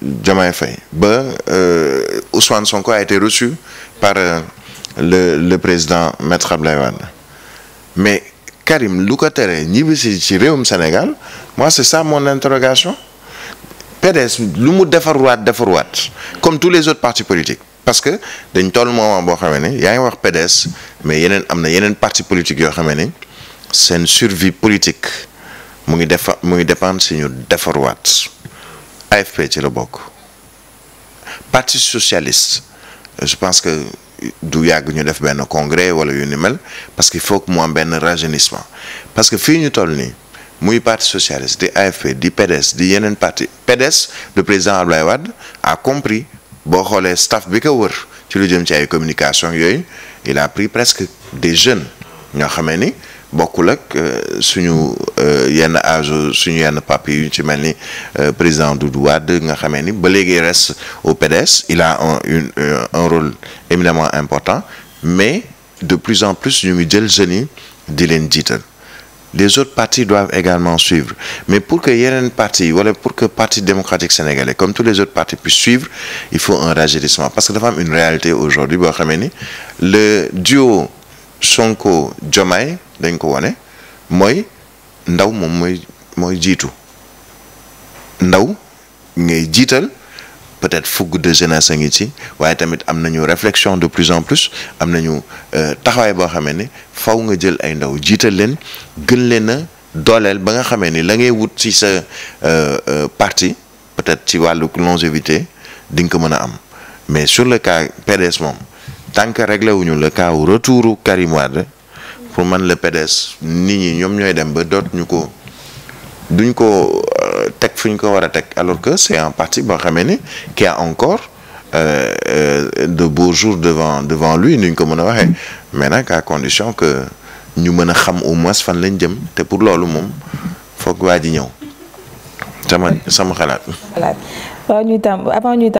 Diomaye Faye ba euh, Ousmane Sonko a été reçu par euh, le le président maître Abdoulaye Wade mais Karim lu ko tere ñibbisi ci réewum Sénégal moi c'est ça mon interrogation PDS lu mu defar defarwaat defarwaat comme tous les autres partis politiques parce que dañ toll moment boo xamee ne yaa ngi wax PDS mais yeneen am na yeneen partis politiques yoo xamee ne seen survie politique mu ngi defa mu ngi dépendre si ñu defarwaat AFP ci la bokk parti socialiste je pense que du yàgg ñu def benn congrès wala yu ni mel parce que il faut que mu am benn rajeunissement parce que fii ñu toll nii muy parti socialiste di AFP di PDS di yeneen parti PDS le président Abdoulaye Wade a compris boo xoolee staff bi ko wër ci lu jëm ci ay communication yooyu il a pris presque des jeunes ñoo xamee ni. bokkul ak euh, suñu euh, yenn âge suñu yenn papi yu ci mel ni euh, président Doudou Wade nga xamee ni ba léegi reste au PDS il a un une un rôle éminemment important mais de plus en plus ñu ngi jël jeunes yi di leen jiital les autres partis doivent également suivre mais pour que yeneen parti wala pour que parti démocratique sénégalais comme tous les autres partis puissent suivre il faut un rajeunissement parce que dafa am une réalité aujourd'hui boo xamee ni le duo Sonko Diomaye dañ ko wane mooy ndaw moom mooy mooy jiitu ndaw ngay jiital peut-être fougue de jeunesse a ngi ci waaye tamit am na ñu réflexion de plus en plus am nañu euh, taxawaay boo xamee ne faw nga jël ay ndaw jiital leen gën leen a dooleel ba nga xamee ni la ngay wut ci sa euh, euh, parti peut-être ci wàllu longévité di nga ko mën a am mais sur le cas PDS moom tant que réglé wuñu le cas retouru Karim Wade pour man le PDS nit ñi ñoom ñooy dem ba doot ñu ko duñ ko euh, teg fu ñu ko war a teg alors que c'est en partie boo xamee ni qui a encore euh, euh de beaux jours devant devant lui ni ñu ko mën a waxee mais nag à condition que ñu mën a xam au moins fan lañ jëm te pour loolu moom foog waa ji ñëw sama sama xalaat. xalaat ñuy tàmb avant ñuy tàmb